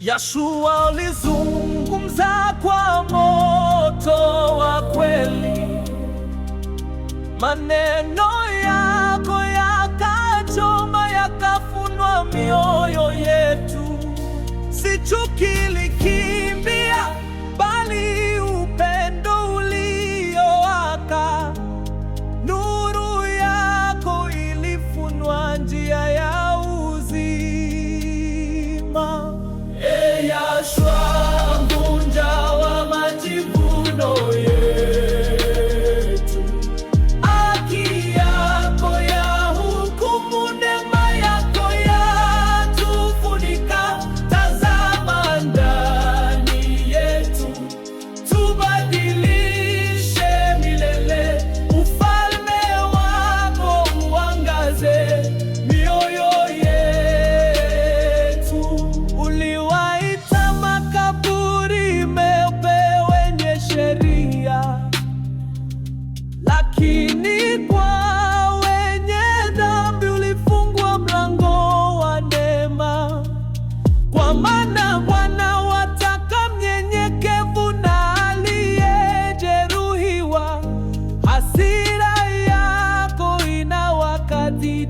Yashua alizungumza kwa moto wa kweli, maneno yako yakachoma, yakafunwa mioyo yetu.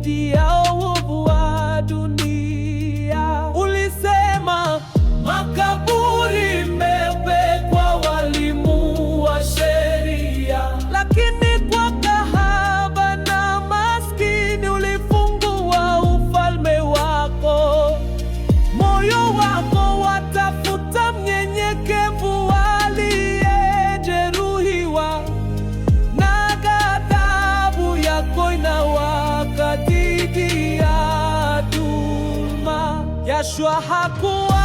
dhidi ya uovu wa dunia. Ulisema makaburi meupe kwa walimu wa sheria, lakini kwa kahaba na maskini ulifungua ufalme wako. Moyo wako watafuta mnyenyekevu aliyejeruhiwa na ghadhabu yako ina 耍酷。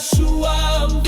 sua